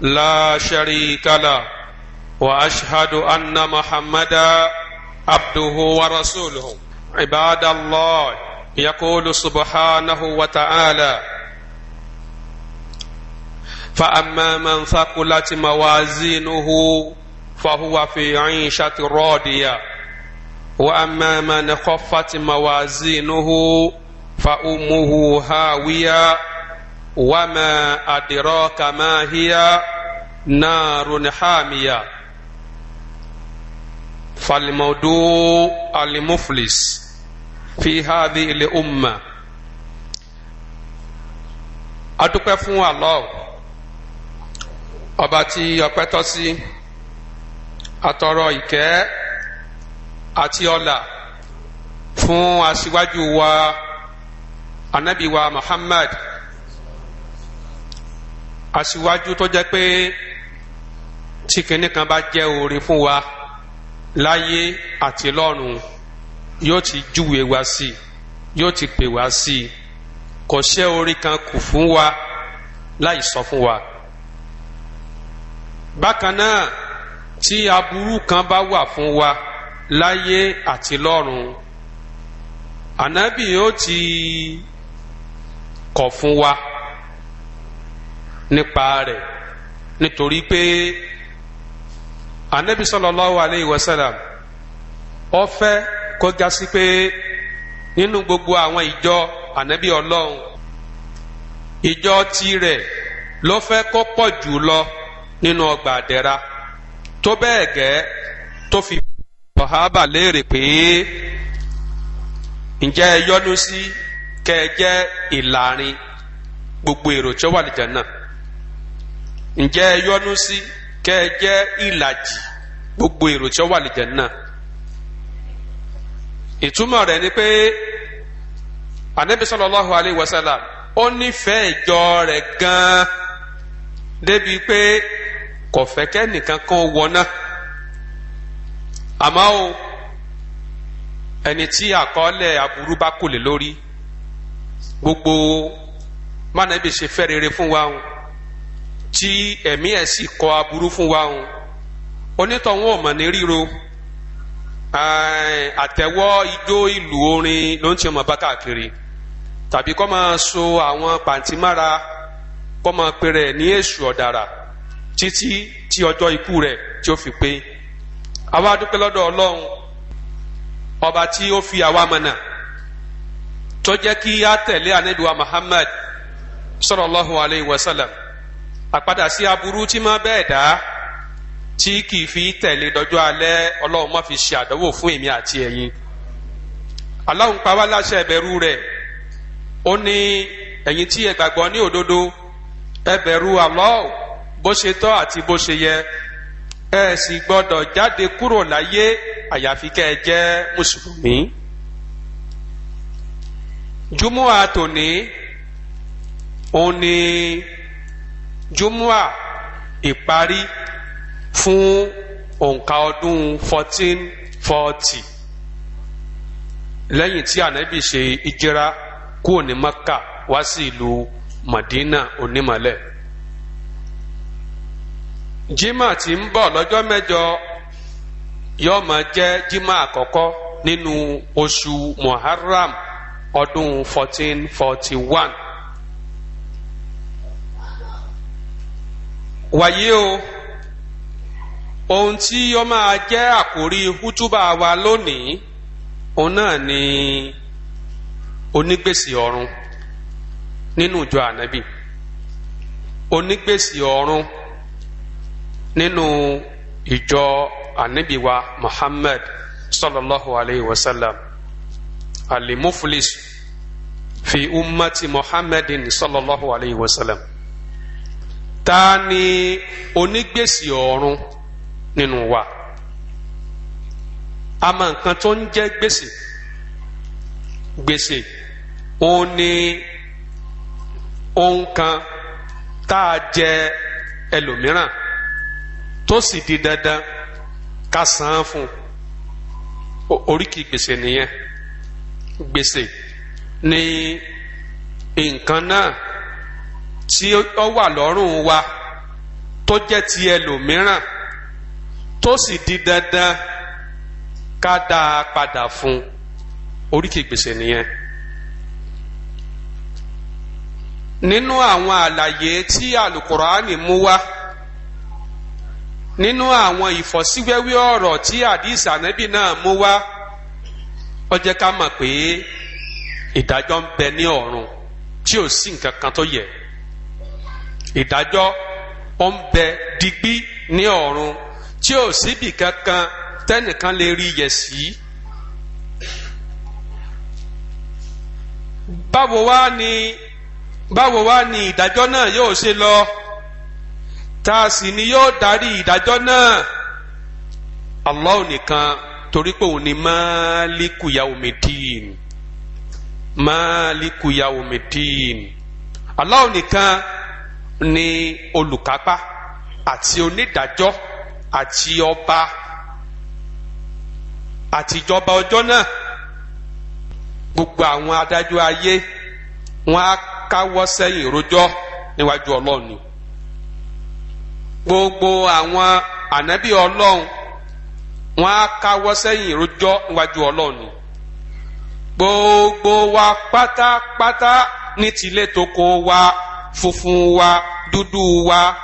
لا شريك له واشهد ان محمدا عبده ورسوله عباد الله يقول سبحانه وتعالى فاما من ثقلت موازينه فهو في عيشه راضيه واما من خفت موازينه فامه هاويه وما أدراك ما هي نار حامية فالموضوع المفلس في هذه الأمة adúpẹ́ fún Allah ọba tí ọpẹ́ tọ́ sí àtọrọ ìkẹ́ àti ọlà fún aṣíwájú wa anabi wa Muhammad aṣíwájú tó jẹ́ pé tí kinní kan bá jẹ́ oore fún wa láyé àti lọ́run yóò ti júwe wa sí i yóò ti pè wá sí i kò ṣẹ́ oore kan kù fún wa láì sọ fún wa bákan náà tí aburú kan bá wà fún wa láyé àti lọ́run ànábì yóò ti kọ̀ fún wa. nípa rẹ̀ nítorí pé anabi sallallahu alayhi wa sallam ó kó gbogbo àwọn ìjọ anabi Ọlọ́run ìjọ tirẹ̀ ló fẹ́ kó pọ̀ jù lọ nínú ọgbà àdẹra tó bẹ́ẹ̀ gẹ́ tó fi léèrè pé ǹjẹ́ ẹ sí kẹ́ gbogbo èrò tí ó wà ǹjẹ́ ẹ yọ́nú sí kẹ́ ẹ jẹ́ ìlàjì gbogbo èrò tí ó wà lè jẹ́nà ìtumọ̀ rẹ̀ ni pé anabi sallallahu alayhi wa sallam ó nífẹ̀ẹ́ ìjọ rẹ̀ gan-an débi pé kò fẹ́ kẹ́nìkan kan àmọ́ o ẹni tí àkọọ́lẹ̀ aburú bá gbogbo ṣe fẹ́ rere fún wa o. tí ẹ̀mí ẹ̀ sì kọ aburú fún wa òun onítọ̀hún ò mọ̀ ní ríro àtẹ̀wọ́ ijó ìlú orin ló ń ti ọmọ bá káàkiri tàbí kọ́ máa so àwọn pàǹtí mára kọ́ máa pe rẹ̀ ní èṣù ọ̀dàrà títí tí ọjọ́ ikú rẹ̀ tí ó fi pé àwa dúpẹ́ lọ́dọ̀ ọlọ́run ọba tí ó fi àwa mọ̀nà tó jẹ́ kí á tẹ̀lé ànábì wa Muhammad sallallahu alayhi wa àpadà sí aburú tí máa bẹ́ẹ̀ dá tí kì í fi tẹ̀lé dọjọ́ alẹ́ ọlọ́run má fi ṣe àdánwò fún èmi àti ẹ̀yin aláwọn pa wá láṣẹ ẹ̀bẹ̀rù rẹ̀ ó ní ẹ̀yin tí ẹ gbàgbọ́ ní òdodo ẹ bẹ̀rù bó ṣe tọ́ àti bó ṣe yẹ ẹ sì gbọ́dọ̀ jáde kúrò láyé àyàfi kẹ́ ẹ jẹ́ mùsùlùmí. júmọ́ àtòní òun ni. Jumua, jumua ìparí fún òǹkà ọdún 1440, lẹ́yìn tí ànábì ṣe ìjẹ́ra kúrò ní maka wá sí ìlú madina onímọ̀lẹ́ jimá tí ń bọ̀ lọ́jọ́ mẹ́jọ yóò máa jẹ́ jimá àkọ́kọ́ nínú oṣù muharram ọdún 1441. wàyí o ohun tí ó máa jẹ́ àkórí hútúbà wa lónìí òun náà ni onígbèsè ọ̀run nínú ìjọ ànábì onígbèsè ọ̀run nínú ìjọ ànábì wa Muhammad sallallahu alayhi wa sallam alimuflis fi ummati Muhammadin sallallahu alayhi wa sallam. ta ni onígbèsè ọ̀run nínú wa a mọ nǹkan tó ń jẹ gbèsè gbèsè òun ni ohun kan tá a jẹ ẹlòmíràn tó sì di dandan ká san fún oríkì gbèsè nìyẹn gbèsè ni nǹkan náà tí ó wà lọ́rùn wa tó jẹ́ ti ẹlòmíràn tó sì di dandan ká dá pada padà fún oríkì gbèsè nìyẹn. nínú àwọn àlàyé tí alukurani mú wá nínú àwọn ìfọ́síwẹ́wẹ́ ọ̀rọ̀ tí àdìs ànábì náà mú wá ó jẹ́ ká mọ̀ pé ìdájọ́ ń bẹ ní ọ̀run tí ò sí nǹkan kan tó yẹ. ìdájọ́ ó ń bẹ digbí ní ọ̀run tí ò síbì kankan tẹ́nìkan lè rí yẹ̀ sí. báwo wá ni báwo wá ni ìdájọ́ náà yóò ṣe lọ tá a sì ni yóò darí ìdájọ́ náà Allah nìkan torí pé òun ni máàlíkù yaumidin máàlíkù yaumidin Allah nìkan ni olùkápá àti onídàájọ́ àti ọba àtijọba ọjọ́ náà gbogbo àwọn adájọ́ ayé wọn á káwọ́ sẹ́yìn rojọ́ níwájú ọlọ́run ni gbogbo àwọn ànábì ọlọ́run wọn á káwọ́ sẹ́yìn rojọ́ níwájú ọlọ́run ni gbogbo wa pátápátá ní tilé toko wa funfun wa dúdú wa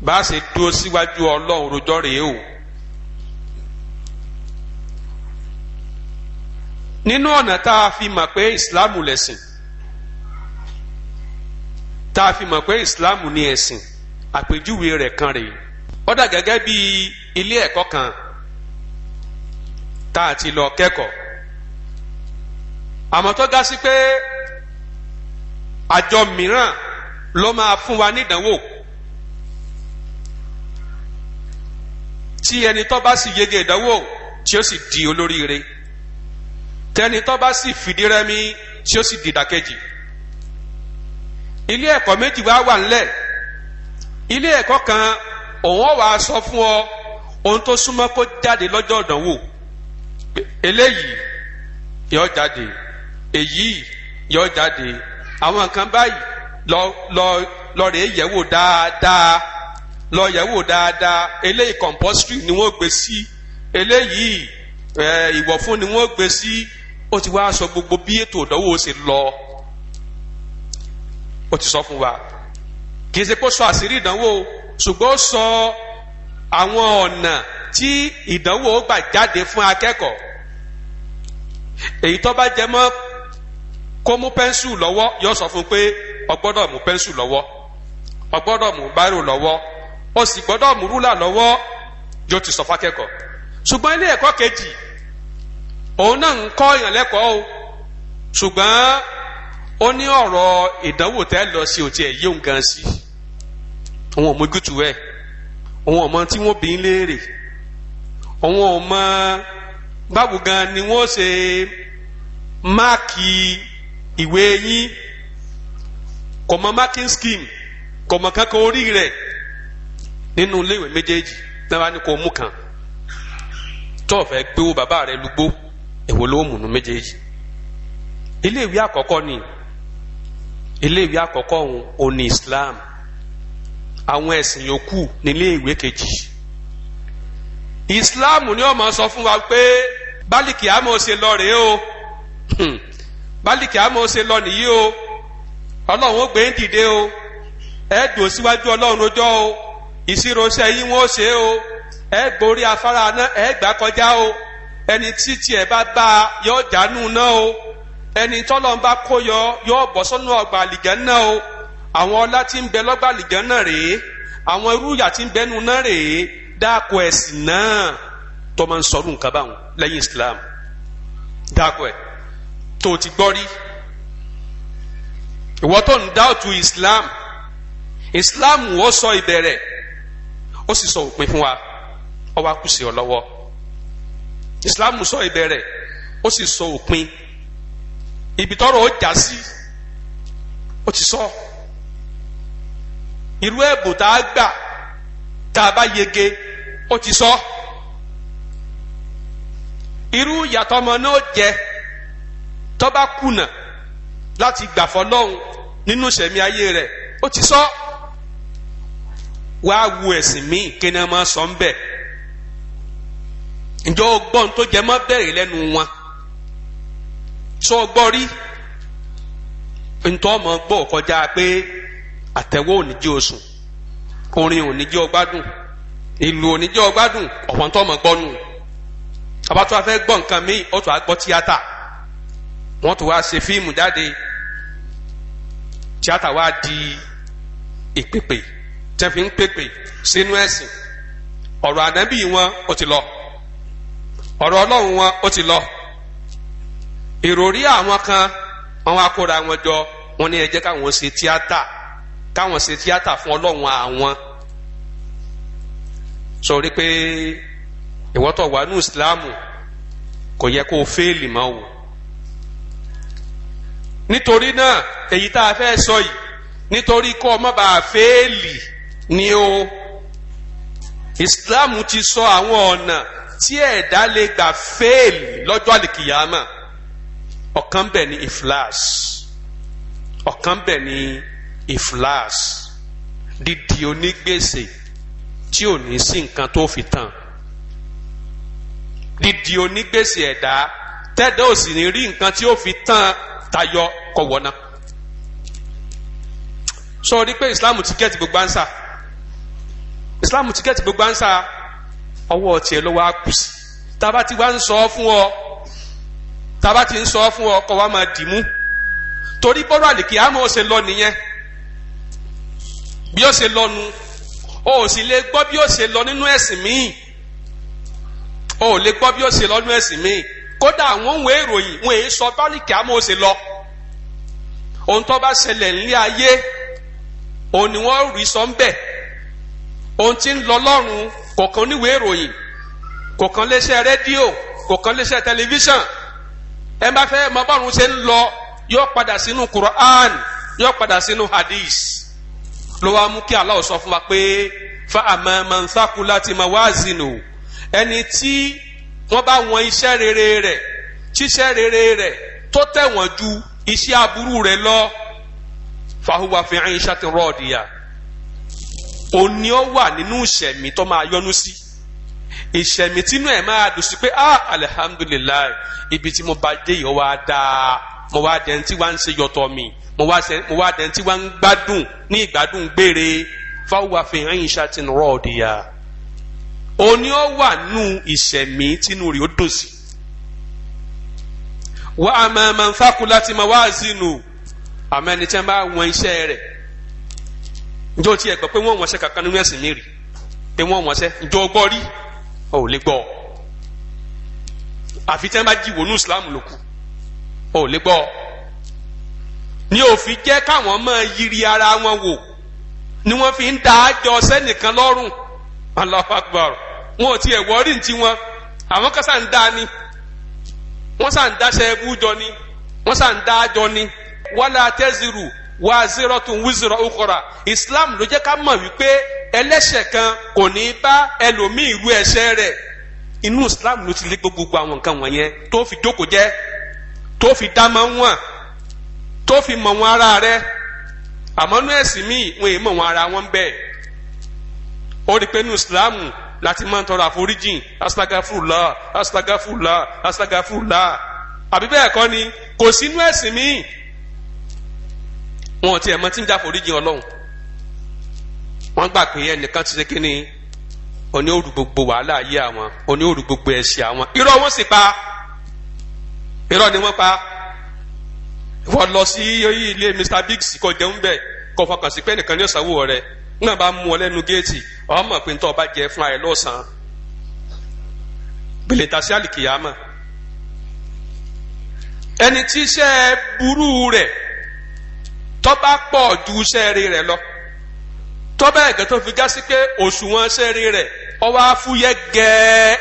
bá a ṣe dúró síwájú ọlọ́run rojọ́ rèé o. nínú ọ̀nà tá a fi mọ̀ pé ìsìláàmù lẹ̀sìn tá a fi mọ̀ pé ìsìláàmù ni ẹ̀sìn àpèjúwe rẹ̀ kan rèé ó dà gẹ́gẹ́ bí ilé ẹ̀kọ́ kan tá a ti lọ kẹ́kọ̀ọ́ àmọ́ tó ga sí pé àjọ mìíràn ló máa fún wa nídànwò tí ẹni tó bá sì yege ìdánwò tí ó sì di olóríire tẹni tó bá sì fìdí rẹmi tí ó sì di ìdàkejì ilé ẹ̀kọ́ méjì wá wà ńlẹ̀ ilé ẹ̀kọ́ kan òun ó wá sọ fún ọ ohun tó súnmọ́ kó jáde lọ́jọ́ ìdánwò eléyìí yọ jáde èyí yọ jáde àwọn nǹkan báyìí lọ lọ lọ rèé yẹ̀wò dáadáa lọ yẹ̀wò dáadáa eléyìí compulsory ni wọ́n gbé sí eléyìí ìwọ̀fún ni wọ́n gbé sí ó ti wá sọ gbogbo bí ètò ìdánwò ṣe lọ ó ti sọ fún wa kì í ṣe kó sọ àṣírí ìdánwò ṣùgbọ́n ó sọ àwọn ọ̀nà tí ìdánwò gbà jáde fún akẹ́kọ̀ọ́ èyí tó bá jẹ mọ́ kó mú pẹ́ńsù lọ́wọ́ yóò sọ fún pé ó gbọ́dọ̀ mú pẹ́ńsù lọ́wọ́ ó gbọ́dọ̀ mú báírò lọ́wọ́ ó sì gbọ́dọ̀ mú rúlà lọ́wọ́ yóò ti sọ fákẹ́kọ̀ọ́ ṣùgbọ́n ilé ẹ̀kọ́ kejì òun náà ń kọ́ èèyàn lẹ́kọ̀ọ́ o ṣùgbọ́n ó ní ọ̀rọ̀ ìdánwò tẹ́ lọ sí òtí ẹ̀ yóò gan sí òun ò mójútu ẹ̀ òun ò tí wọ́n bí ń léèrè òun ò báwo gan ni wọ́n ṣe máàkì ìwé yín kọ̀mọ marking scheme kọ̀mọ kankan orí rẹ̀ nínú iléèwé méjèèjì náà wá ní kò mú kan tọ́ọ̀fẹ́ gbéwó bàbá rẹ̀ lùgbó èwo ló mú nu méjèèjì iléèwé àkọ́kọ́ ni iléèwé àkọ́kọ́ òun òní Islam àwọn ẹ̀sìn yòókù níléèwé kejì Islam ni ọmọ sọ fún wa pé bálíkì àmọ́ ṣe lọ rèé o hmm. bálíkì àmọ́ ṣe lọ nìyí o ọlọ́run ó gbé ń dìde o ẹ dùn síwájú ọlọ́run lójọ́ o ìṣirò iṣẹ́ yín wọ́n ṣe o ẹ gborí afárá náà ẹ gbà kọjá o ẹni tí tiẹ̀ bá bá a yọ dànù náà o ẹni tọ́lọ́n bá kó yọ yọ bọ́ sọ́nù ọgbà àlìgẹ́ náà o àwọn ọlá tí ń bẹ lọ́gbà àlìgẹ́ náà rèé àwọn irú ìyà ń bẹnu náà rèé dáko ẹ̀sìn náà tọ́ máa ń sọ̀rọ̀ nǹkan báwọn lẹ́yìn Islam dáko ẹ̀ tó ti gbọ́ rí ìwọ tó ń dá òtún islam islam wọ́n sọ ìbẹ̀rẹ̀ ó sì sọ òpin fún wa ó wá kù sí ọ lọ́wọ́ islam sọ ìbẹ̀rẹ̀ ó sì sọ òpin ibi tọ́rọ̀ ó já sí ó ti sọ irú ẹ̀bùn tá a gbà tá a bá yege ó ti sọ irú ìyàtọ̀ ọmọ náà jẹ tó bá kùnà. láti gbà fọlọ́hún nínú ìṣẹ̀mí ayé rẹ̀ ó ti sọ wàá wu ẹ̀sìn míì kéne máa sọ ń bẹ̀ ǹjọ́ ọgbọ́n tó jẹ mọ́ bẹ̀rẹ̀ lẹ́nu wọn sọ ọgbọ́n rí ntọ́ ọmọ gbọ́ kọjá pé àtẹ̀wọ́ ò ní jí oṣù orin ò ní jí ọgbádùn ìlú ò ní jí ọgbádùn ọ̀pọ̀ ntọ́ ọmọ gbọ́ nù abatọ́ afẹ́ gbọ́ nǹkan míì ó tún tíátà wọ́n tún wá ṣe fíìmù jáde tíátà wá di ìpèpè tẹ́ fi ń pèpè sínú ẹ̀sìn ọ̀rọ̀ ànábì wọn ó ti lọ ọ̀rọ̀ ọlọ́run wọn ó ti lọ ìròrí àwọn kan wọn wá kóra wọn jọ wọn ní ẹ jẹ́ káwọn ṣe tíátà káwọn ṣe tíátà fún ọlọ́run àwọn sọ rí pé ìwọ́tọ̀ wà ní ìsìláàmù kò yẹ kó o fẹ́ẹ̀lì mọ́ o nítorí náà èyí tá a fẹ́ sọ yìí nítorí kọ́ ọ má bàa ni o Islam ti sọ àwọn ọ̀nà tí ẹ̀dá lè gbà fẹ́ẹ̀lì lọ́jọ́ àlìkìyàmà ọ̀kan bẹ̀ ni iflas ọ̀kan bẹ̀ ni iflas dídi onígbèsè tí ò ní sí nǹkan tó fi tán dídi onígbèsè ẹ̀dá tẹ́dọ̀ ò sì ní rí nǹkan tí ó fi tán. tayọ kọwọna sọ pé islam ti gbogbo ansa islam ti gbogbo ansa ọwọ tiẹ̀ lọ́wọ́ á taba ti wá sọ fún ọ taba ti ń sọ fún ọ torí bọ́rọ̀ àlèkè àmọ́ ó ṣe lọ nìyẹn bí ó ṣe lọ nu o sì lè o lọ nínú ẹ̀sìn míì. kódà wọ́n wọ́n èròyìn èyí sọ bálíkì amóhùnsè lọ ohun tó bá ṣẹlẹ̀ nílé ayé òun ni wọ́n rí sọ ń ohun tí ń lọ lọ́rùn kọ̀ọ̀kan níwèé ìròyìn kọ̀ọ̀kan léṣẹ́ rédíò kọ̀ọ̀kan léṣẹ́ tẹlifíṣàn ẹ bá fẹ́ mọ bọ́run ṣe ń lọ yóò padà sínú Quran sọ fún wa fa àmọ́ láti ẹni tí. wọ́n bá wọn iṣẹ́ rere rẹ̀ tíṣẹ́ rere rẹ̀ tó tẹ̀wọ̀n ju iṣẹ́ aburú rẹ̀ lọ fahuwa fi aishati rọdiya òní ó wà nínú ìṣẹ̀mí tó máa yọ́nú sí ìṣẹ̀mí tínú ẹ̀ máa dùn sí pé ah alihamudulilayi ibi tí mo bá dé yìí ó wá dáa mo wá dẹ̀ tí wá ń ṣe yọ̀tọ̀ mi mo wá dẹ̀ tí wá ń gbádùn ní ìgbádùn gbére fahuwa fi aishati rọdiya òní ó wà nù ìṣẹ̀mí tínú rẹ̀ ó dùn sí. wà á máa máa ń fákun láti máa wá sínú àmọ́ ẹni tí wọ́n bá wọn iṣẹ́ rẹ̀ njẹ́ o ti ẹ̀ gbọ́ pé wọ́n wọ́n kankan nínú ẹ̀sìn mi rí pé wọ́n wọ́n ṣe o gbọ́ rí o ò lè gbọ́ àfi tí wọ́n bá jí wọnú Islam ló kù o ò lè gbọ́ ni òfin jẹ́ káwọn máa yiri ara wọn wò ni wọ́n fi ń da àjọ sẹ́nìkan lọ́rùn Allahu Akbar. wọn ò tiẹ̀ wọ́ọ́rì ntí wọn àwọn ń ni wọ́n sa ń dáṣẹ́ jọ ni wọ́n sá ń dá jọ ni wala tẹ́sirù wà zero Islam ló jẹ́ ká mọ̀ wípé ẹlẹ́ṣẹ̀ kan kò ní bá ẹlòmíì irú ẹ̀ṣẹ̀ rẹ̀ Islam ló ti gbogbo àwọn nǹkan wọ̀nyẹn tó fi jókòó jẹ́ tó fi tó fi mọ̀ wọn ara rẹ̀ àmọ́ ẹ̀sìn inú Islam láti máa ń tọrọ àforíjìn astagafula astagafula astagafula àbí bẹ́ẹ̀ kọ́ ni kò sínú ẹ̀sìn míì wọn tiẹ̀ mọ tí ń já àforíjìn ọlọ́run wọ́n gbà pé ẹnìkan ti ṣe kí ni oní òrù gbogbo wàhálà ayé àwọn oní òrù gbogbo ẹ̀ṣẹ̀ àwọn irọ́ wọn sì pa irọ́ ni wọ́n pa wọ́n lọ sí ilé Mr Biggs kò jẹun bẹ́ẹ̀ kò fọkàn sí pé ẹnìkan ní ọ̀sánwó rẹ̀ náà bá mú ọ lẹ́nu géètì ọ mọ̀ pé nítorí ọba jẹ fún ẹ lọ́sàn-án gbèlè tàṣí àlìkìyàmà ẹni tí iṣẹ́ burú rẹ̀ tọ́ba pọ̀ ju iṣẹ́ rí rẹ̀ lọ tọ́ba ẹ̀gẹ́ tó fi gá sí pé òṣùwọ̀n iṣẹ́ rí rẹ̀ ọwọ́ afúyẹ́ gẹ́ẹ́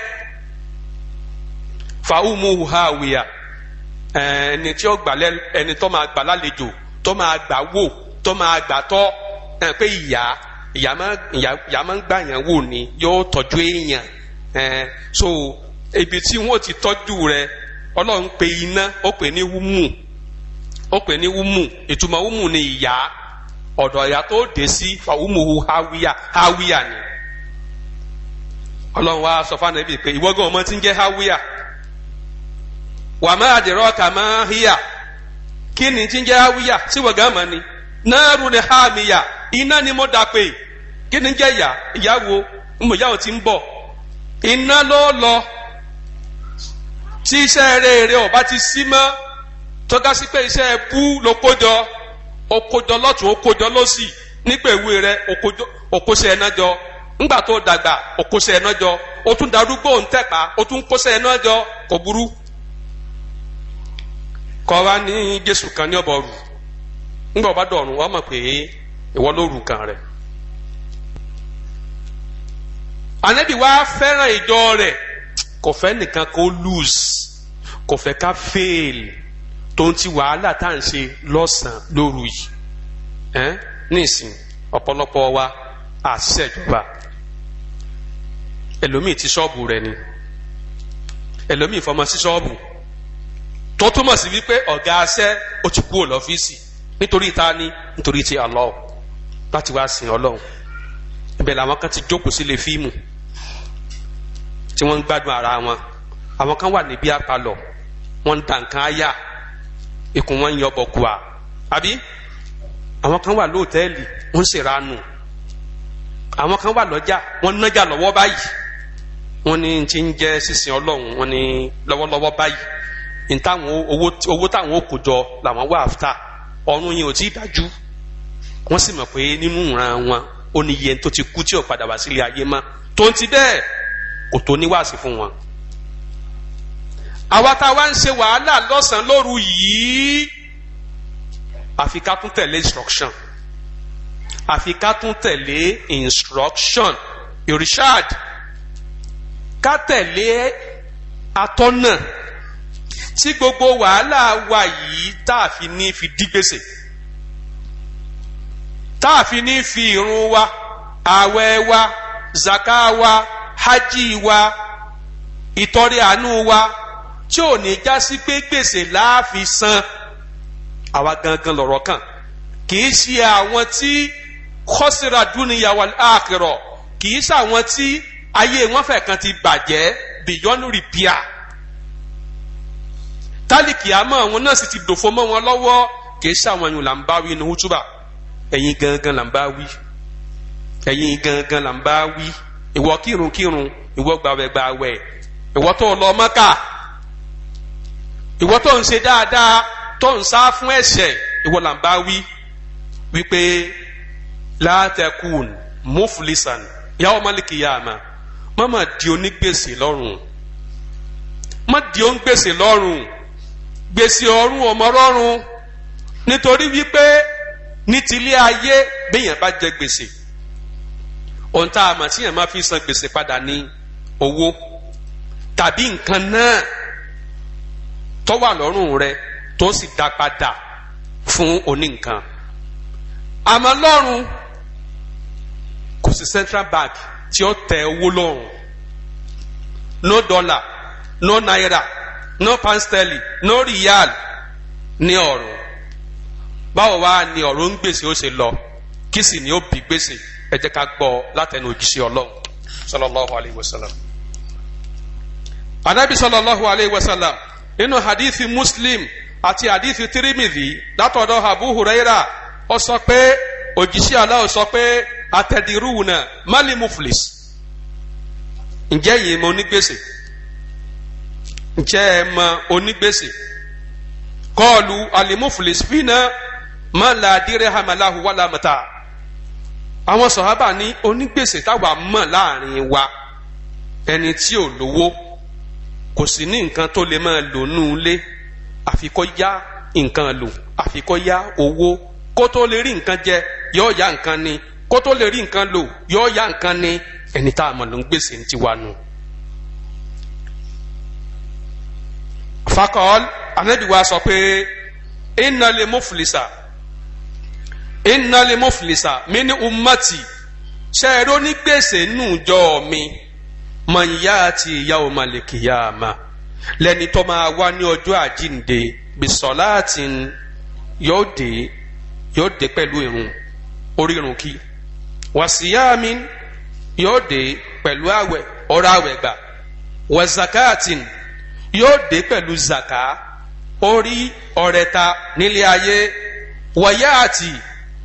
fàáhùmù hàwìyà ẹni tí ó gbà lẹ ẹni tó máa gbà lálejò tó máa gbà wò tó máa gbà tọ́ pé ìyá ìyá máa ni yóò tọ́jú èèyàn ẹ̀ so ibi tí wọ́n ti tọ́jú re ọlọ́run pe iná ó pè ní wúmù ó pè ní wúmù ìtumọ̀ wúmù ni ìyá ọ̀dọ̀ ìyá tó dé sí fàwùmùhù háwíyà háwíyà ni ọlọ́run wa sọ fún anabi pé ìwọ́gàn ọmọ ti ń jẹ́ háwíyà wà má àdìrọ́ kà má híyà kí ni ti ń jẹ́ háwíyà síwọ̀gàn mọ́ ni náírù ni háàmìyà. iná ni mo dà pé kí ni jẹ́ ìyá ìyá mo ti ń bọ̀ iná ló lọ tí iṣẹ́ rere ere ọba ti sí mọ́ tọ́ka sí pé iṣẹ́ bú ló kójọ ó lọ́tún ó lọ́sì nígbà èwe rẹ ó kóṣe ẹ̀ náà jọ ńgbà tó dàgbà ó ẹ̀ náà jọ ó tún darúgbó tún ọba dọ̀rùn wọ́n mọ̀ pé ìwọ ló rùkàn rẹ̀ anabi wa fẹ́ràn ìjọ rẹ̀ kò fẹ́ nìkan kó lose kò fẹ́ ká fail tó ń ti wàhálà tá à ń ṣe lọ́sàn lóru yìí ẹ́ nísìn ọ̀pọ̀lọpọ̀ wa àṣẹjọba ẹlòmíì ti ṣọ́ọ̀bù rẹ̀ ni ẹlòmíì fọmọ sí ṣọ́ọ̀bù tó túmọ̀ sí wípé ọ̀gá aṣẹ́ ó ti kúrò lọ́fíìsì nítorí ta ni nítorí ti Allah láti wá sin ọlọ́run ibẹ̀ làwọn kan ti jókòó sílé fíìmù tí wọ́n ń gbádùn ara wọn àwọn kan wà níbí àpalọ̀ wọ́n ń da nǹkan áyà ikùn wọn ń yọ bọ̀kùà àbí àwọn kan wà lóòtẹ́ẹ̀lì wọ́n ń ṣèranù àwọn kan wà lọ́jà wọ́n ń nájà lọ́wọ́ báyìí wọ́n ní ti ń jẹ́ sísìn ọlọ́run wọ́n ní lọ́wọ́lọ́wọ́ báyìí ní owó táwọn ó kó jọ làwọn wà áfítà ọ̀run yìí ò tí ì dájú wọ́n sì mọ̀ pé nínú ìran wọn ó ní iye tó ti kú tí ò padà wá sílé ayé mọ́ tó ń ti bẹ́ẹ̀ kò tó níwàásí fún wọn. àwa tá a wá ń ṣe wàhálà lọ́sàn-án lóru yìí àfi ká tún tẹ̀lé instruction àfi ká tún tẹ̀lé instruction irishad ká tẹ̀lé atọ́nà tí gbogbo wàhálà wa yìí tá a fi ní fi dí gbèsè táàfin ní fi ìrun wa ààwẹ̀ wa zaka wa hajj wa ìtọrẹ àánú wa tí ò ní já sí pé gbèsè láàfin san àwa gangan lọ̀rọ̀ kàn kì í ṣe àwọn tí kọ́sìrà dúnìyà wal akhirah kì í ṣe àwọn tí ayé wọn fẹ́ kan ti bàjẹ́ beyond repair tálíkì àmọ́ àwọn náà sì ti dòfo mọ́ wọn lọ́wọ́ kì í ṣe àwọn yòó ń bá wí ní hútúbà ẹ̀yin gangan là ń bá wí ẹ̀yin gangan là ń bá wí ìwọ kírun kírun ìwọ gbàwẹ̀ gbàwẹ̀ ìwọ tó lọ Mọ́kà ìwọ tó ń ṣe dáadáa tó ń sá fún ẹ̀ṣẹ̀ ìwọ là ń bá wí wípé látẹkùn muflisan yàwó malikiyama mọ́mọ́ di onígbèsè lọ́rùn mọ́ di onígbèsè lọ́rùn gbèsè ọ̀run ọmọ rọ́rùn nítorí wípé ní tilé ayé béèyàn bá jẹ gbèsè ohun tá a mọ̀ tí yàn máa fi san gbèsè padà ní owó tàbí nǹkan náà tó wà lọ́rùn rẹ tó sì dá padà fún onínkan àmọ́ lọ́rùn kò sí central bank tí ó tẹ owó lọ́rùn no dollar no naira no pound sterling no rial ní ọ̀rùn báwo wá ni ọ̀rọ̀ ń gbèsè ó ṣe lọ kí sì ni ó bí gbèsè ẹ jẹ́ ká gbọ́ látẹnu òjíṣẹ́ ọlọ́run sallallahu hadithi muslim àti hadithi tirimidhi látọ̀dọ̀ abu huraira ó sọ pé òjíṣẹ́ sọ pé atẹ̀dírúwùnà mali muflis ǹjẹ́ yìí mọ onígbèsè ǹjẹ́ ẹ mọ onígbèsè kọ́ọ̀lù alimuflis fínà. má la dirhama lahu wala mata àwọn sọ̀hábà ní onígbèsè táwa mọ̀ láàrin wa ẹni tí ò lówó kò sí ní nǹkan tó lè máa lò nú ilé àfi kó yá nǹkan lò àfi kó yá owó kó tó lè rí nǹkan jẹ yóò yá nǹkan ni kó tó lè rí nǹkan lò yóò yá nǹkan ni ẹni tá a mọ̀ ló ń gbèsè ń tiwa nù. fakọ́l anabi sọ pé inna lil muflisa innal muflisa min umati, ṣẹ́ẹ̀rọ ní gbèsè nùjọ́ mi mọ̀nyáàtì yawmal qiyamah lẹ́ni tó máa wá ní ọjọ́ àjínde bisọ́láàtì yóò dé yóò dé pẹ̀lú irun orí irun kí wàsíyáàmì yóò dé pẹ̀lú àwẹ̀ ọ̀rọ̀ àwẹ̀ gbà wàzàkáàtì yóò dé pẹ̀lú zàká orí ọ̀rẹ́ta nílé ayé wàyáàtì.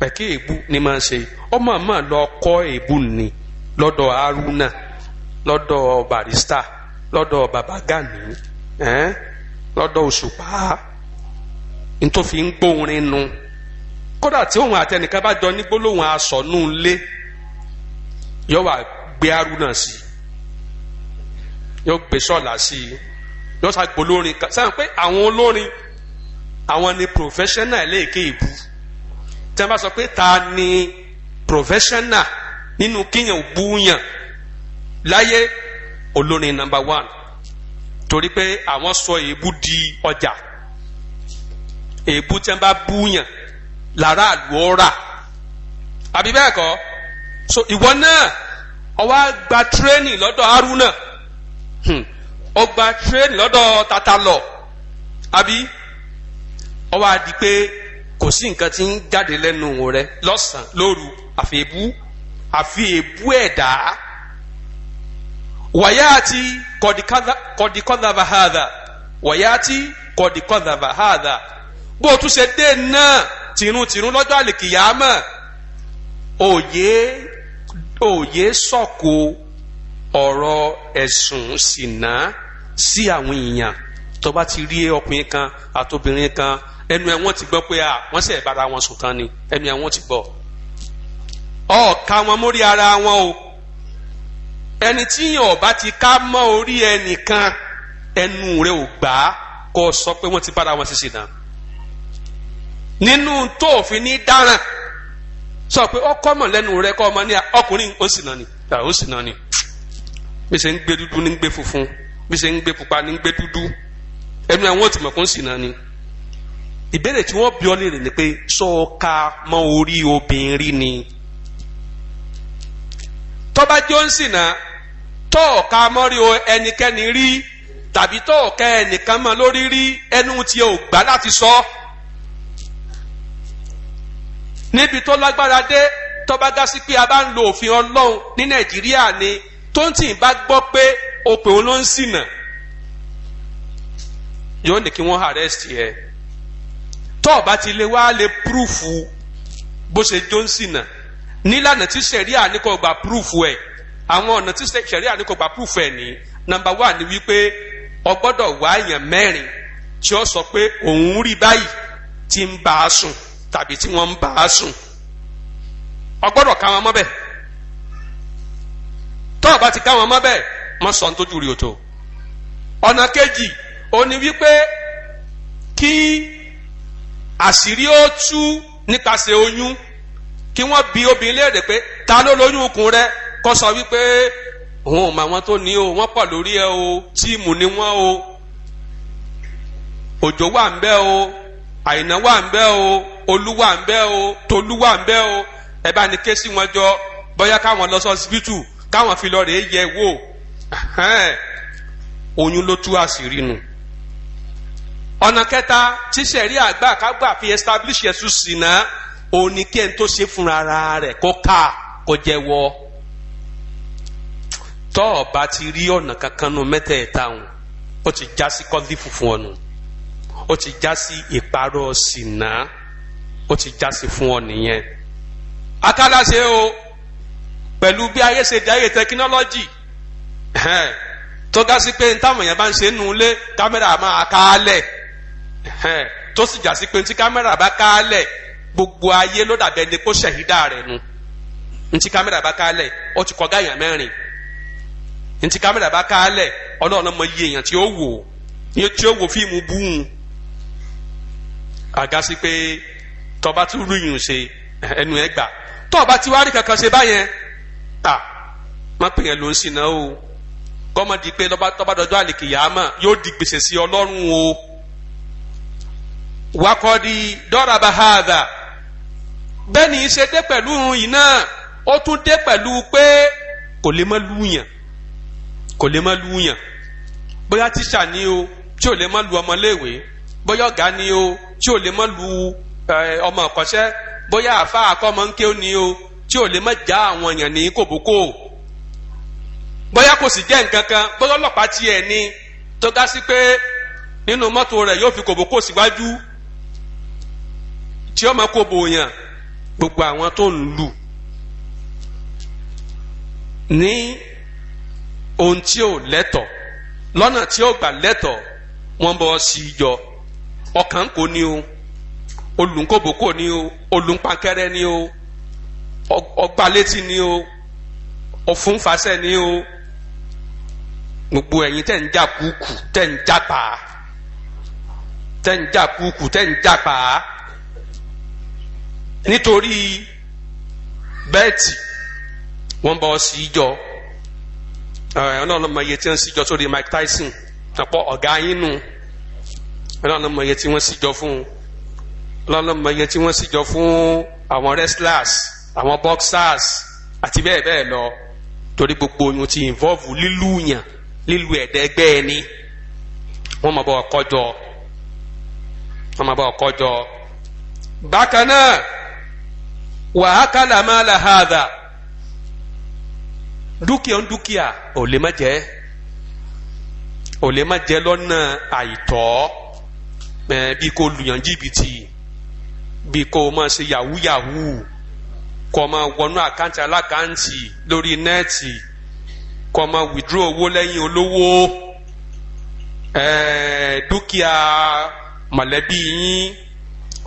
pẹ̀kí èébú ni máa ṣe ọmọ àmọ́ lọ kọ́ èébú ni Aruna Haruna Barista Barrister Babagani Baba Gani eh? lọ́dọ̀ Òṣùpá ntòfin gbóhùnrin nu kódà tí òun àtẹnìkan bá jọ ní gbólóhùn aṣọ nù lé yóò wá gbé aruna si yóò gbé sọ́ọ̀lá si yóò sá gbólórin sáà pé àwọn olórin àwọn ni professional lè ké ìbú. tí wọ́n bá sọ pé ta ni professional nínú kíyàn búyàn láyé olórin number one torí pé àwọn sọ èébú di ọjà èébú tí wọ́n bá búyàn lára àlùọ́rà àbí bẹ́ẹ̀ kọ́ so ìwọ náà ó wá gba tírénì lọ́dọ̀ Haruna hmm. ó gba training lọ́dọ̀ Tatalọ àbí ó wá di pé kò sí nǹkan tí ń jáde lẹ́nu rẹ lọ́sàn lóru àfi èbú àfi èbú ẹ̀dá wàyáàtì kọ̀dìkọ́dàbà hàdà wàyáàtì kọ̀dìkọ́dàbà hàdà bó o tún ṣe dé náà tìrúntìrún lọ́jọ́ àlèkìyàmọ̀ òye òye sọ̀kò ọ̀rọ̀ ẹ̀sùn ṣìnà sí àwọn èèyàn tó bá ti rí ọkùnrin kan àtobìnrin kan ẹnu ẹ̀ wọ́n ti gbọ́ pé à wọ́n sì bára wọn sùn tán ni ẹnu ẹ̀ wọ́n ti gbọ́ ọ̀ka wọn mórí ara wọn o ẹni tí yàn ọba ti ká mọ́ orí ẹnìkan ẹnu rẹ ò gbà á kó o sọ pé wọ́n ti bára wọn sì sì náà nínú tó òfin ní dáràn sọ pé ọkọ mọ̀ lẹ́nu rẹ kọ́ ọmọ ní ọkùnrin ó sì náà ni ó sì náà ni bí ṣe ń gbé dúdú ní ń gbé funfun bí ṣe ń gbé pupa ní ń gbé dúdú ẹnu ẹ̀ wọ́n ti mọ̀ kó ń sì náà ni ìbéèrè tí wọ́n bi ọ́ léèrè ni pé sọ ọ ka mọ orí obìnrin ni tọ́ba johnson náà tọ́ ọ̀ka mọ́rí ẹnikẹ́ni rí tàbí tọ́ ọ̀ka ẹnìkan mọ́ lórí rí ẹnu tiẹ̀ ò gbà láti sọ níbi tó lágbára dé tọ́ba dá pé a bá ń lo òfin ọlọ́run ní nàìjíríà ni tó ń tì í bá gbọ́ pé òpè òun ló ń ṣìnà yóò ní kí wọ́n arrest yẹ. tó ọba bá ti lè wá lè púrúfù bó ṣe nílànà tí sẹ̀ríà ní kò púrúfù ẹ̀ àwọn ọ̀nà tí sẹ̀ríà ní kò gba púrúfù ẹ̀ ní nàmbà wà ní wípé ọgbọ́dọ̀ mẹ́rin tí ó sọ pé òun rí báyìí tí ń bá a sùn tàbí tí wọ́n ń bá a sùn ọgbọ́dọ̀ ká ti ká wọn mọ́ sọ àṣírí ó tú nípasẹ̀ oyún kí wọ́n bi obìnrin léèrè pé ta ló lóyún ikùn rẹ kó sọ wípé òun ò mọ tó ní o wọ́n pọ̀ lórí ẹ o tíìmù ni wọ́n o òjò wà ń bẹ o àìná wà ń bẹ o olú wà ń bẹ o tolú wà ń bẹ o ẹ bá ní ké sí wọn jọ bóyá káwọn lọ sọ síbítù káwọn fi lọ rèé yẹ̀ wò oyún ló tú àṣírí nù. ọ̀nà kẹta tí sẹ̀rí àgbà kágbà fi establish ẹ̀sùn sí náà òun ni kí ẹni tó ṣe fúnra rẹ̀ kó ká kó tọ́ ti rí ọ̀nà kankan nu mẹ́tẹ̀ẹ̀ta hùn ó ti já sí kọ́ńdífù fún ọ̀nù ó ti já sí ìparọ́ sìnà ó ti já sí fún o pẹ̀lú bí ayé ṣe di ayé tẹkinọ́lọ́jì tó ga sí pé táwọn èèyàn bá ń ṣe kamera ú aka kámẹ́rà tó sì já sí pé tí kámẹ́rà bá gbogbo ayé ló dàbẹ́ ni kó ṣẹ̀hídà rẹ̀ nu ntí kámẹ́rà bá kálẹ̀ ó ti kọ́gá èèyàn mẹ́rin ntí kámẹ́rà bá ọlọ́run mọ iye èèyàn tí ó wò iye tí ó wò fíìmù búhùn àga tọba ṣe ẹnu ẹ tọba tí wàá kankan ṣe báyẹn má pè di gbèsè sí ọlọ́run o. wakɔdi dɔrɔba hada bɛni se de pɛlu naa, o tun te pɛlu pe ko lema luya ko lema luya bɔya tisa ni o tí o lè ma lu ɔmɔ léwe bɔya ɔga ni o tí o lè ma lu ɛɛ ɔmɔ kɔsɛ bɔya afa akɔmɔ nkew ni o tí o lè ma dza àwọn yàn ni kobokó bɔya kòsi jɛ nkankan bɔya ɔlɔpàá tiɛ ni tɔgasi pé ninu moto rɛ yóò fi kobokó sigbaju. Si tí ọmọ kò bòyàn gbogbo àwọn tó ń lù ní ohun tí ò lẹ́tọ̀ lọ́nà tí ó gbà lẹ́tọ̀ wọ́n bọ́ sí i jọ ọkàn kò ní o olùkóbòkò ní o olùpankẹ́rẹ́ ní o ọgbàlétí ní o ọ̀fúnfàṣẹ ní o gbogbo ẹ̀yin tẹ̀ ń jà kúkú tẹ̀ ń jà pàá tẹ̀ ń jà kúkú tẹ̀ ń jà pàá nítorí bẹ́ẹ̀tì wọ́n bọ́ sí ìjọ ọlọ́run mọ iye tí wọ́n síjọ sórí Mike Tyson àpọ̀ ọ̀gá yín nù ọlọ́run mọ iye tí wọ́n síjọ fún ọlọ́run mọ iye tí wọ́n síjọ fún àwọn wrestlers àwọn boxers àti bẹ́ẹ̀ bẹ́ẹ̀ lọ torí gbogbo ohun tí involve lílù yàn lílù ẹ̀ẹ́dẹ́gbẹ́ ẹni wọ́n mọ̀ bọ́ ọkọ́ jọ wọ́n mọ̀ bọ́ bákan náà wa haka kálá máa la hàdà dúkìá on dúkìá ò lè má jẹ ò lè má jẹ lọ́nà àìtọ́ ẹ bí kò lùyàn jìbìtì bí kò máa ṣe yahoo yahoo kò máa wọnú àkáǹtì alákáǹtì lórí nẹ́ẹ̀tì kò máa withdraw owó lẹ́yìn olówó ẹ̀ẹ́ dúkìá mọ̀lẹ́bí yín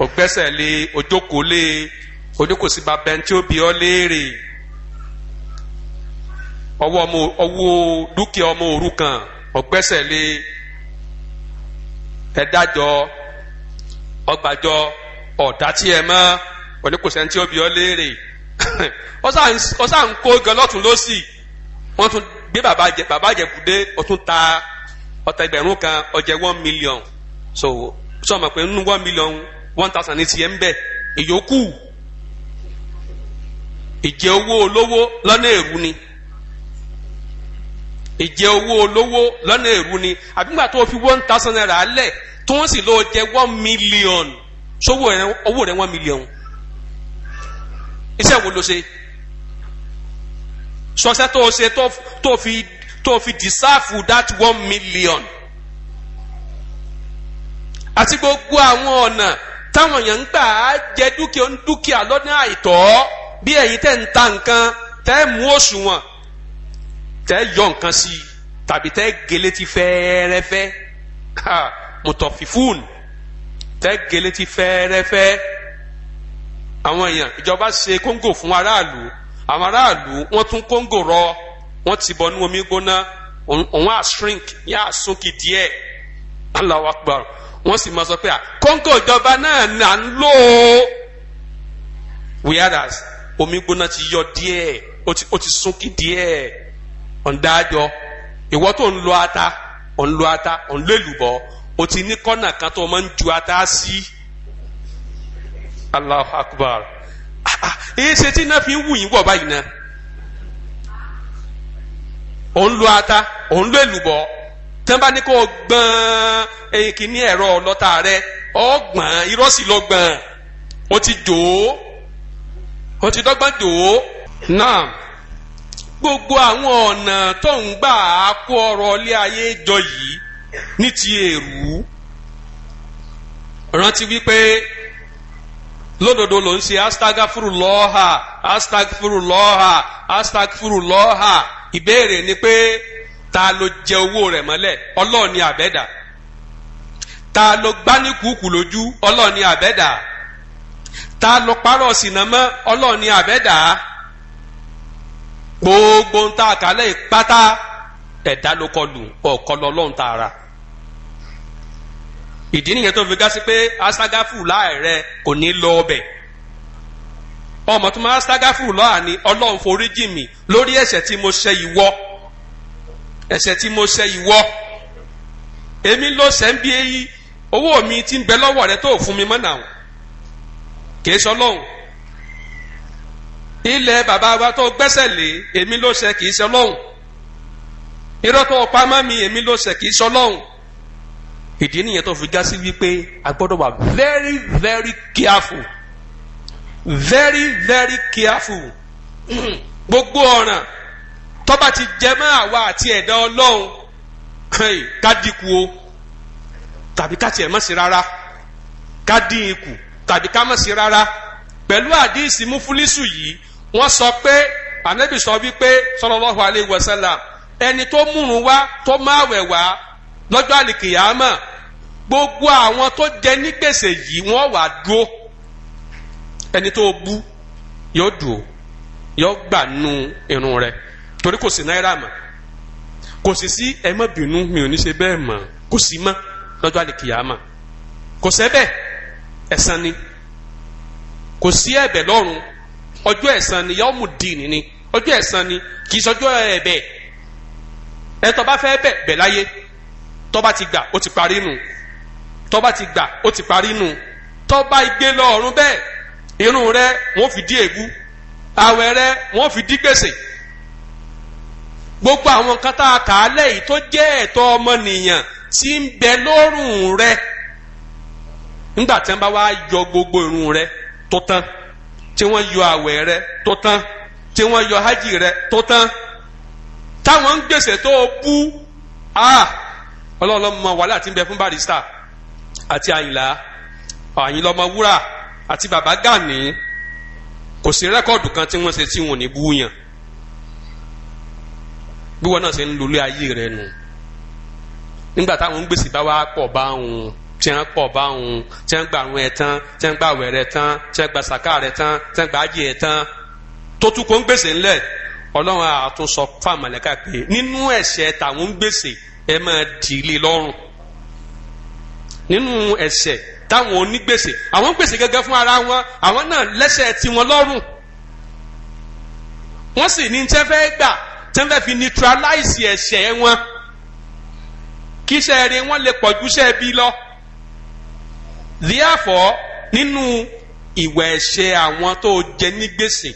ògbẹ́sẹ̀lé ojókòólé. oníkòsí bàbá ẹni tí ó bí ọ́ léèrè ọwọ́ dúkìá ọmọ òrukàn ọgbẹ́sẹ̀ lé ẹ̀dájọ́ ọgbàjọ́ ọ̀dá tí ẹ mọ́ tí ó bi léèrè ọ ń kó gan lọ́tún lọ́sì wọ́n tún gbé bàbá jẹ bàbá jẹ ọtún ta one million so sọ ma pé nínú one million one thousand ní tiẹ̀ ń bẹ̀ ìjẹ owó olówó lọ́nà èrú ni ìjẹ owó olówó lọ́nà èrú ni àbígbà tó o fi one thousand naira alẹ̀ tó wọ́n sì lọ jẹ one million sówó owó rẹ̀ one million iṣẹ́ wo ló ṣe sọ́sẹ́ tó o ṣe tó fi tó fi deserve that one million àti gbogbo àwọn ọ̀nà táwọn èèyàn ń gbà á jẹ dúkìá ń dúkìá lọ́nà àìtọ́ bí ẹ̀yin tẹ́ ń ta nǹkan tẹ́ mú òṣùwọ̀n tẹ́ yọ nǹkan sí i tàbí tẹ́ gele ti fẹ́ẹ́rẹ́fẹ́ mùtọ̀fífún tẹ́ gele ti fẹ́ẹ́rẹ́fẹ́ àwọn èèyàn ìjọba ṣe kóńgò fún aráàlú àwọn aráàlú wọ́n tún kóńgò rọ wọ́n ti bọ̀ ní omi gbóná òun á shrink yá àsúnkì díẹ̀ Allahu Akbar wọ́n sì máa sọ pé à kóńgò ìjọba náà là ń lò ó wíyá dàsí. omi gbóná ti yọ díẹ̀ o ti ó ti súnkì díẹ̀ ọ̀ndájọ́ ìwọ tó ń lo ata ò ń lo ata ò ń lo èlùbọ́ o ti ní kọ́nà kan tó o máa ń ju ata sí Allahu Akbar ah, ah, èyí ṣe tí iná fi ń wù yín wọ̀ báyìí náà ò ń lo ata ò ń lo èlùbọ́ tí wọ́n bá ní kó o gbọ́n ẹ̀yìn kìíní ẹ̀rọ ọlọ́ta rẹ ọ irọ́ sì lọ gbọ́n o ti ó ti dọ́gbọ́n dò ó náà gbogbo àwọn ọ̀nà tó ń gbà á kó ọrọ̀ ilé ayé jọ yìí ní ti èrú rántí wípé lódodo ló ń ṣe astagfurulọ́ha astagfurulọ́ha astagfurulọ́ha ìbéèrè ni pé ta ló jẹ owó rẹ̀ mọ́lẹ̀ ọlọ́ọ̀ni àbẹ́dà ta ló gbá ní kùkù lójú ọlọ́ọ̀ni àbẹ́dà ta ló parọ́ sínà mọ́ ọlọ́ọ̀ni àbẹ́dà gbogbo ń ta àkálẹ̀ pátá ẹ̀dá ló kọlù ọ̀kọlọ ọlọ́run tààrà ìdí nìyẹn tó fi gá sí pé asagafu láàrẹ kò ní lọ ọbẹ̀ ọmọ tó máa asagafu láàní ọlọ́run forí jì mí lórí ẹ̀ṣẹ̀ tí mo ṣe ìwọ ẹ̀ṣẹ̀ tí mo ṣe ìwọ èmi ló ṣe ń bí èyí owó mi ti ń bẹ lọ́wọ́ rẹ tó fún mi mọ́ náà kì í sọ lọ́hùn ilẹ̀ bàbá wa tó gbẹ́sẹ̀ lé èmi ló ṣe kì sọ lọ́hùn irọ́ tó pamọ́ mi èmi ló ṣe kì í sọ lọ́hùn ìdí nìyẹn tó fi já sí wípé a gbọ́dọ̀ wà very very careful very very careful gbogbo ọ̀ràn tó bá ti jẹ mọ́ àwa àti ẹ̀dá ọlọ́run ká dínkù o tàbí ká tiẹ̀ mọ́ sí rárá ká dín in tàbí ká má sí rárá pẹ̀lú àdíìsì mufulisu yìí wọ́n sọ pé ànábì sọ wípé sallallahu alaihi wasallam ẹni tó múrun wá tó máa wẹ̀ wá lọ́jọ́ àlìkìyàmọ̀ gbogbo àwọn tó jẹ ní gbèsè yìí wọ́n wà dúró ẹni tó bú yóò dúró yóò gbà nu irun rẹ̀ torí kò sí náírà mọ́ kò sì sí ẹ bínú mi ò ní ṣe bẹ́ẹ̀ mọ́ kò sí mọ́ lọ́jọ́ àlìkìyàmọ̀ kò sẹ́bẹ̀ ẹ̀san ni kò sí ẹ̀bẹ̀ lọ́run ọjọ́ ẹ̀san ni yọ́ọ̀mù dìínì ni ọjọ́ ẹ̀san ni kì í sọjọ́ ẹ̀bẹ̀ ẹ tó bá fẹ́ bẹ̀ bẹ̀ láyé tó bá ti gbà ó ti parí nù tó bá ti gbà ó ti parí nù tó gbé lọ́ọ̀run bẹ́ẹ̀ irun rẹ wọ́n fi dí ègún àwẹ̀ rẹ wọ́n fi dí gbèsè gbogbo àwọn nǹkan tá a tó jẹ́ ẹ̀tọ́ ọmọnìyàn tí ń bẹ lọ́rùn rẹ nígbà tí wọ́n bá wá yọ gbogbo irun rẹ tó tán tí wọ́n yọ àwẹ̀ rẹ tó tán tí wọ́n yọ hajj rẹ tó tán táwọn ń gbèsè tó bú a ọlọ́ọ̀lọ́mọ wàhálà ti ń bẹ fún barista àti àyìnlá àyìnlọ́mọ wúrà àti bàbá gani kò sí rẹ́kọ̀dù kan tí wọ́n ṣe tí wọn ò ní bú yàn bí wọn náà ṣe ń lulẹ̀ ayé rẹ nù nígbà táwọn ń gbèsè bá wá pọ̀ bá tí wọ́n pọ̀ báwọn tí wọ́n gba àwọn ẹ̀ tán tí wọ́n gba àwẹ̀ rẹ̀ tán tí wọ́n gba sàká rẹ̀ tán tí wọ́n gba àjẹ́ ẹ̀ tán tó tún kó ń gbèsè ńlẹ̀ ọlọ́run àtúnṣọ fámàlẹ́kà pé nínú ẹ̀ṣẹ̀ tàwọn ń gbèsè ẹ máa dìílé lọ́rùn nínú ẹ̀ṣẹ̀ táwọn onígbèsè àwọn gbèsè gẹ́gẹ́ fún ara wọn àwọn náà lẹ́ṣẹ̀ tiwọn lọ́rùn wọ́n sì ní tẹ́ fẹ́ gbà tẹ́ fẹ́ fi neutralize ẹ̀ṣẹ̀ wọn kí iṣẹ́ rẹ wọ́n lè pọ̀jù iṣẹ́ bí lọ therefore nínú ìwà ẹ̀ṣẹ̀ àwọn tó jẹ ní gbèsè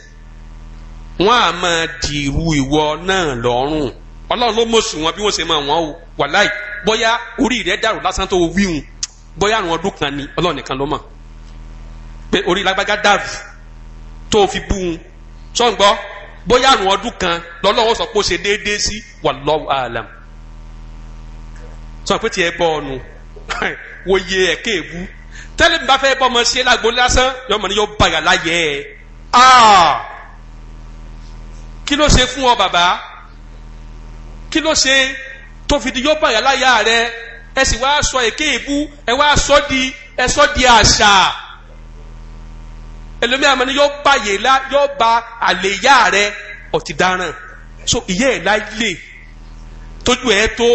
wọn a máa dìrú ìwọ náà lọ́rùn ọlọ́run ló mọ̀sùn wọn bí wọ́n ṣe máa wọ́n o wàláì bóyá orí rẹ̀ dàrú lásán tó wíhun bóyá àwọn ọdún kan ni ọlọ́run nìkan ló mọ̀ pé orí lágbájá dàrú tó fi bú un sọ̀ǹgbọ́ bóyá àwọn ọdún kan lọ́lọ́wọ́ sọ pé ó ṣe déédéé sí wallahu alam sọ̀ǹpẹ́ tiẹ̀ bọ́ ọ̀nù wòye ẹ̀kẹ́ èbú tẹ́lẹ̀ mi bá fẹ́ bọ́ ọmọ ṣe lágbo lásán yọmọ ni yóò bàyà láyé ẹ̀ ah! kí ló ṣe fún ọ bàbá kí ló ṣe tó fi di yóò bàyà láyà rẹ ẹ sì wá sọ èké ìbú ẹ wá sọ di ẹ sọ di àṣà ẹlòmíà mọ ni yóò bá yèlá yóò bá àlèyá rẹ ọtí dáràn so ìyá ẹ̀ láyé tójú ẹ̀ tó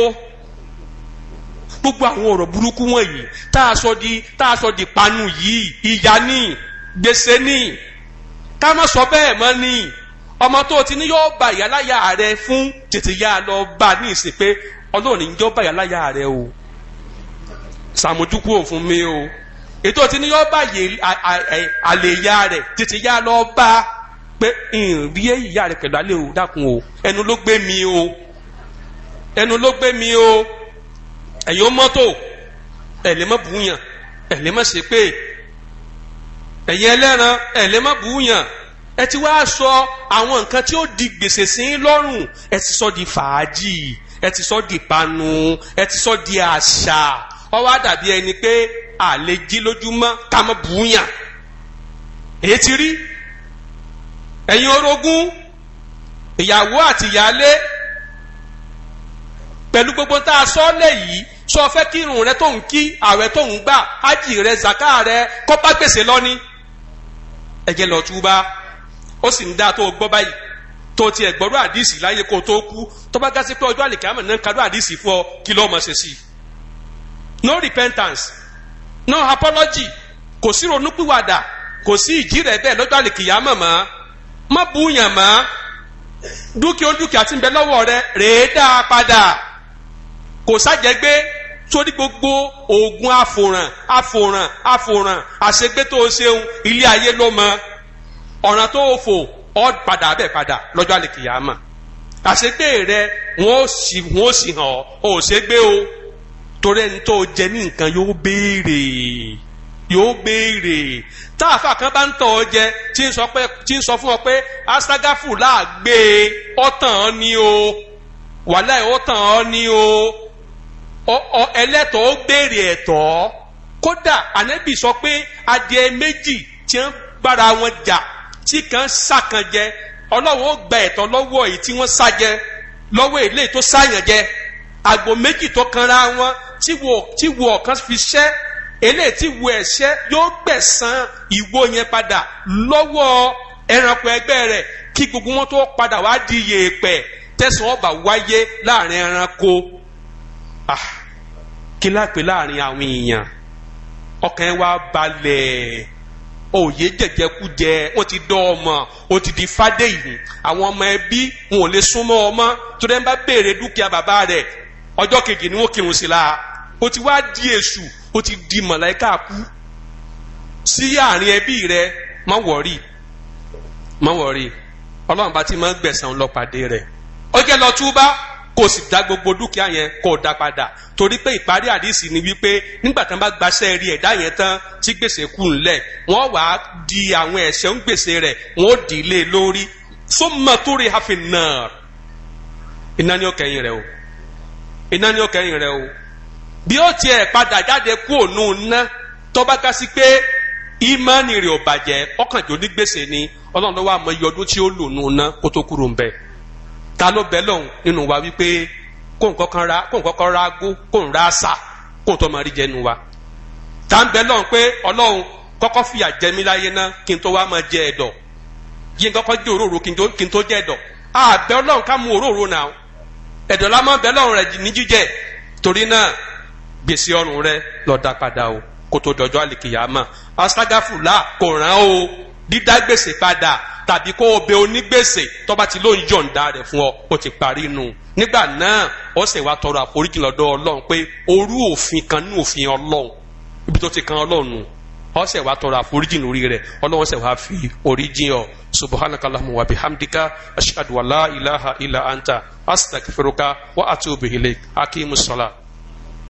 gbogbo àwọn ọ̀rọ̀ burúkú wọ̀nyí tá a sọ di tá a sọ di panu yìí ìyá ní gbèsè ní ká má sọ bẹ́ẹ̀ mọ́ ní ọmọ tó ti ní yóò bá ìyáláyà rẹ fún tètè yá lọ bá ní ìsìn pé ọlọ́run ní yóò bá ìyáláyà rẹ o sàmójúkú fún mi o ètò tí ní yóò bá yè rẹ tètè yá lọ bá pé ìrìn ìyá rẹ pẹ̀lú alẹ́ o dákun o ẹnu ló gbé mi o ẹnu ló gbé mi o ẹ̀yin mọ́tò ẹ̀ lè má bùúyàn ẹ̀ lè má ṣe pé ẹ̀yin ẹlẹ́ran ẹ̀ lè má bùúyàn ẹ ti wá sọ àwọn nǹkan tí ó di gbèsè sí lọ́rùn ẹ ti sọ di fàájì ẹ ti sọ di panu ẹ ti sọ di àṣà ó wá dàbí ẹni pé àlè lójúmọ́ ká bùúyàn èyí ti rí ẹ̀yin orogún ìyàwó àti ìyálé pẹ̀lú gbogbo tá a sọ lẹ̀ yìí sọ fẹ́ kírun rẹ tó ń kí ààrẹ tó ń gbà ájì rẹ zaka rẹ kọ́ gbèsè lọ́ní ẹ̀jẹ̀ lọ túbá ó sì ń dá tó gbọ́ báyìí tó tiẹ̀ gbọ́dọ̀ àdìsí láyé kó tó kú tó bá gá sí pé ọjọ́ àlìkámẹ̀ náà kadọ́ àdìsí fún ọ kí lọ́ọ́ mọ̀ ṣe sí i no repentance no apology kò sí ronúpìwàdà kò sí ìjì rẹ bẹ́ẹ̀ lọ́jọ́ àlìkìyàmọ̀ mọ́ mọ́ dúkìá dúkìá kò sájẹgbé gbogbo oògùn àfòràn àfòràn àfòràn àṣegbé tó o ṣeun ilé ayé ló mọ ọ̀ràn tó o fò ọ́ padà bẹ́ẹ̀ padà lọ́jọ́ àlèkìyà mọ̀ àṣegbé rẹ wọn ò sì hàn ọ́ o torí ẹni tó o jẹ ní nǹkan yóò béèrè yóò béèrè tá àfa kan bá ń tọ̀ ọ́ jẹ tí ń sọ pé tí ń sọ fún e, ni o ni o ẹlẹ́tọ̀ọ́ ó béèrè ẹ̀tọ́ kódà ànábì sọ pé adìẹ méjì tí ń bára wọn jà tí kan sàkànjẹ ọlọ́run ó gba ẹ̀tọ́ lọ́wọ́ èyí tí wọ́n sàjẹ lọ́wọ́ èlé tó sàyàn jẹ àgbò méjì tó kanra wọn tí wo ọ̀kan fi ṣẹ́ eléyìí tí wo ẹ̀ṣẹ́ yóò gbẹ̀san ìwo yẹn padà lọ́wọ́ ẹranko ẹgbẹ́ rẹ̀ kí gbogbo wọn tó padà wá di yèèpẹ̀ tẹ̀sán ọba wáyé láàrin ẹranko ah kí lápè láàrin àwọn èèyàn ọkàn wa balẹ̀ òye jẹjẹkújẹ wọn ti dán ọmọ o ti di fádé yìí àwọn ọmọ ẹbí wọn ò lè súnmọ́ ọmọ tó dẹ́n bá béèrè dúkìá bàbá rẹ̀ ọjọ́ kejì ni wọ́n kírun sí la o ti wá di èṣù o ti di mọ̀láìkà kú sí àárín ẹbí rẹ má wọ̀rí má wọ̀rí ọlọ́run bá ti máa ń gbẹ̀san lọ pàdé rẹ̀ ó jẹ́ lọ túbá kó o sì dá gbogbo dúkìá yẹn kó o dá padà torí pé ìparí àdìsí ni wípé nígbà tí wọn bá gbaṣẹ́ rí ẹ̀dá yẹn tán tí gbèsè di àwọn ẹ̀ṣẹ̀ ń gbèsè rẹ̀ wọ́n ó dì í lé lórí fi iná ni ó o iná ni o bí ó tiẹ̀ padà jáde kú òun ná tọ́ba ká sí pé ò bàjẹ́ ní ni ọlọ́run ló wà mọ iye ọdún tí ó ta ló bẹ lọ́hùn nínú wa wípé kó nǹkan kan ra kó nǹkan kan ra agó kó ń ra wa ta ń bẹ lọ́hùn pé ọlọ́hùn kọ́kọ́ fìyà jẹ mí láyé kí n tó wá máa jẹ ẹ̀dọ̀ yí n kọ́kọ́ jẹ òróró kí n tó jẹ ẹ̀dọ̀ àbẹ ká mu òróró ẹ̀dọ̀ la máa bẹ lọ́hùn rẹ̀ ní jíjẹ torí náà gbèsè ọrùn rẹ lọ́ọ́ dá padà o kó tó dọjọ́ àlìkìyàmà aságáfù o. dídá gbèsè padà tàbí kó o bẹ onígbèsè tó bá ti ló ń yọ̀ǹda rẹ̀ fún ọ ó ti parí nu nígbà náà ó sì wá tọrọ àforíjì lọ́dọ̀ ọlọ́run pé orú òfin kan ní òfin ọlọ́run ibi tó ti kan ọlọ́run nu ó sì wá tọrọ àforíjì lórí rẹ̀ ọlọ́run sì wá fi oríjì ọ subhanakallahumma wa bihamdika ashhadu an la ilaha illa anta astaghfiruka wa atubu ilayk akimus